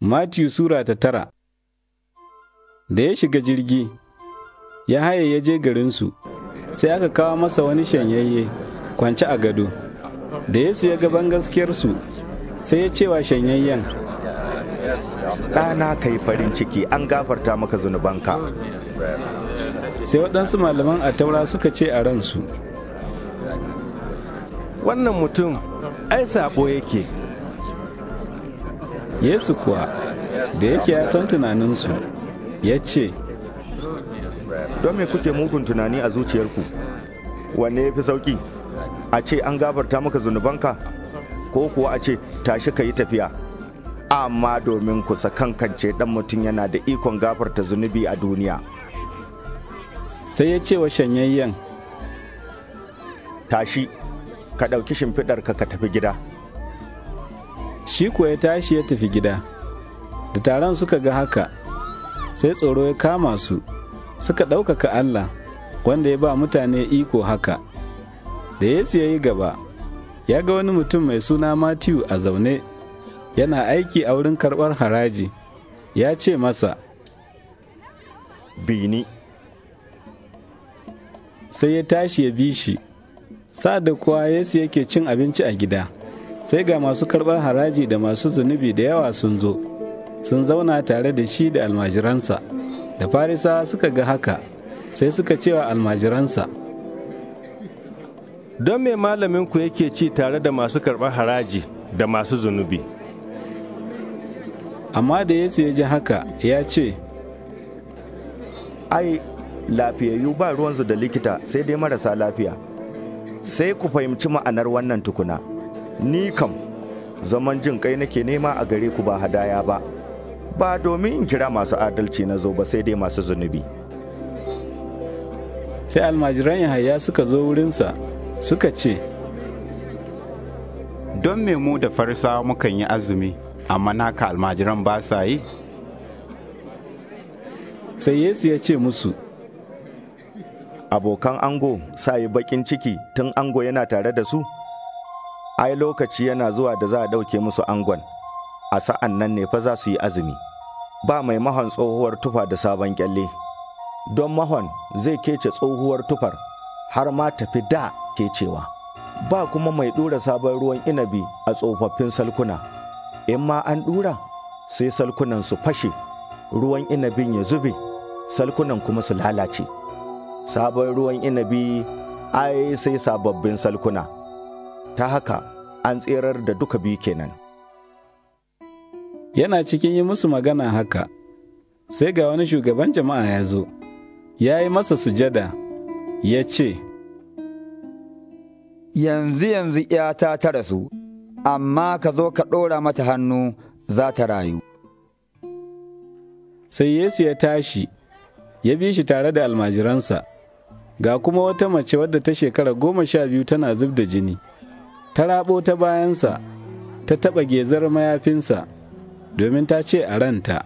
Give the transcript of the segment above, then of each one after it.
Matiyu Sura ta tara Da ya shiga jirgi, ya haye ya je garinsu, sai aka kawo masa wani shanyayye, kwance a gado. Da Yesu ya gaban gaskiyarsu, sai ya cewa shanyayyen. Ɗana ka yi farin ciki an gafarta maka zunubanka. Sai waɗansu malaman a taura suka ce a ransu. Wannan mutum, ai saɓo yake. yesu kuwa da yake ya san tunaninsu ya ce don me kuke mugun tunani a zuciyarku wanne ya fi sauki a ce an gafarta maka zunubanka ko kuwa a ce tashi ka yi tafiya amma domin ku sakankance dan mutum yana da ikon gafarta zunubi a duniya sai ya ce wa shanyayyen tashi ka ɗauki shimfiɗarka ka tafi gida shi kuwa ya tashi ya tafi gida da taron suka ga haka sai tsoro ya kama su suka ɗaukaka Allah wanda ya ba mutane iko haka da Yesu ya yi gaba ya ga wani mutum mai suna Matiyu a zaune yana aiki a wurin karɓar haraji ya ce masa bini sai ya tashi ya bi shi sa da kuwa Yesu yake cin abinci a gida sai ga masu karɓar haraji da masu zunubi da yawa sun zo sun zauna tare da shi da almajiransa da farisa suka ga haka sai suka cewa almajiransa don me malaminku yake ci tare da masu karɓar haraji da masu zunubi amma da yesu ya ji haka ya ce ai lafiyayyu ba ruwansu da likita sai dai marasa lafiya sai ku fahimci ma'anar wannan tukuna. ni kam zaman jin kai nake nema a gare ku ba hadaya ba ba domin in kira masu adalci na zo ba sai dai masu zunubi sai almajiran yahaya suka zo wurinsa suka ce don me mu da farisawa mukan yi azumi amma naka almajiran ba sa yi sai yesu ya ce musu abokan ango sa yi bakin ciki tun ango yana tare da su ai lokaci yana zuwa da za a ɗauke musu angon, a sa'an nan ne fa za su yi azumi, ba mai mahon tsohuwar tufa da sabon kyalle. Don mahon zai kece tsohuwar tufar har ma tafi da kecewa, ba kuma mai ɗura sabon ruwan inabi a tsofaffin salkuna, in ma an ɗura sai salkunan su fashe, ruwan inabin ya zube, salkunan kuma su lalace. Sabon ruwan inabi ai sai sababbin salkuna. ta haka an tserar da duka biyu kenan. Yana cikin yi musu magana haka, sai ga wani shugaban jama'a ya zo, ya yi masa sujada, ya ce, Yanzu yanzu ‘yata ta rasu, amma ka zo ka ɗora mata hannu za ta rayu. Sai Yesu ya tashi, ya bi shi tare da almajiransa, ga kuma wata mace wadda ta shekara goma sha biyu tana zub da jini. ta rabo ta bayansa ta taɓa gezar mayafinsa domin ta ce a ranta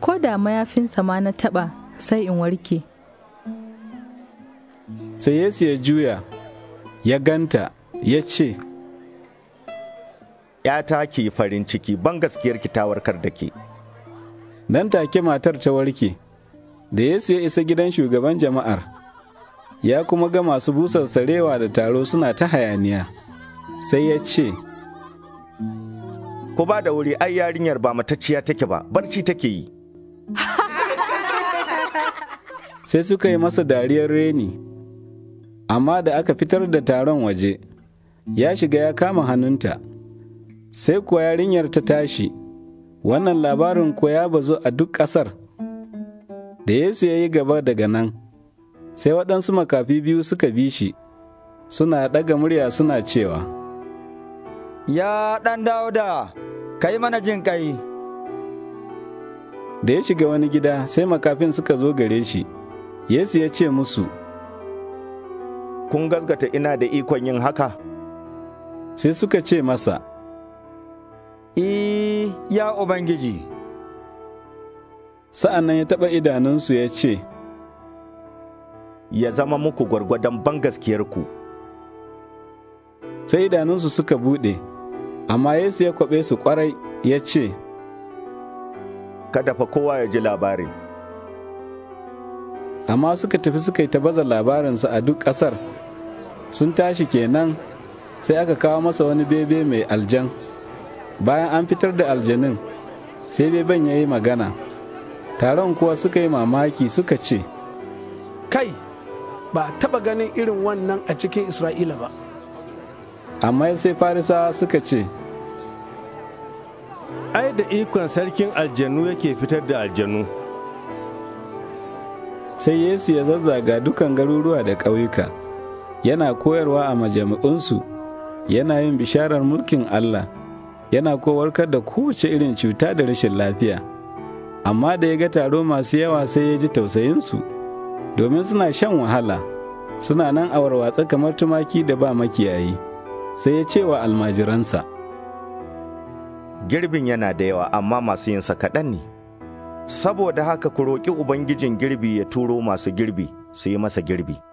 ko da mayafinsa ma na taɓa sai in warke sai yesu ya juya ya ganta ya ce ‘yata ki farin ciki ban gaskiyar ki ta warkar da ke. Nan take matar ta warke, da Yesu ya isa gidan shugaban jama'ar. ya kuma ga masu busar sarewa da taro suna ta hayaniya sai ya ce Ku ba da wuri ai yarinyar ba matacciya take ba barci take yi sai suka yi masa dariyar reni amma da aka fitar da taron waje ya shiga ya kama hannunta sai kuwa yarinyar ta tashi wannan labarin kuwa ya bazu a duk ƙasar da yesu ya yi gaba daga nan sai waɗansu makafi biyu suka bi shi suna ɗaga murya suna cewa ya ɗan dauda kai mana jin kai da ya shiga wani gida sai makafin suka zo gare shi yesu ya ce musu kun gasgata ina da ikon yin haka sai suka ce masa e ya Ubangiji. Sa'an nan ya taɓa idanunsu ya ce, ya zama muku gwargwadon bangaskiyarku. Sai idanunsu suka buɗe, amma Yesu ya kwaɓe su ƙwarai ya ce, Kada fa kowa ya ji labarin. Amma suka tafi suka yi ta baza labarinsa a duk ƙasar, sun tashi kenan sai aka kawo masa wani bebe mai aljan. Bayan an fitar da aljanin, sai beben ya yi magana. Taron kuwa suka yi mamaki suka ce, Kai! ba a taba ganin irin wannan a cikin isra'ila ba amma sai farisa suka ce ai da ikon sarkin aljanu yake fitar da aljanu sai yesu ya zazzaga dukan garuruwa da ƙauyuka yana koyarwa a majami'unsu yana yin bisharar mulkin allah yana kowarkar da kowace irin cuta da rashin lafiya amma da ya ga taro masu yawa sai ya ji tausayinsu domin suna shan wahala suna nan a warwatsa kamar tumaki da ba makiyayi sai ya ce wa almajiransa girbin yana da yawa amma masu yinsa kaɗan ne saboda haka ku roƙi ubangijin girbi ya turo masu girbi su yi masa girbi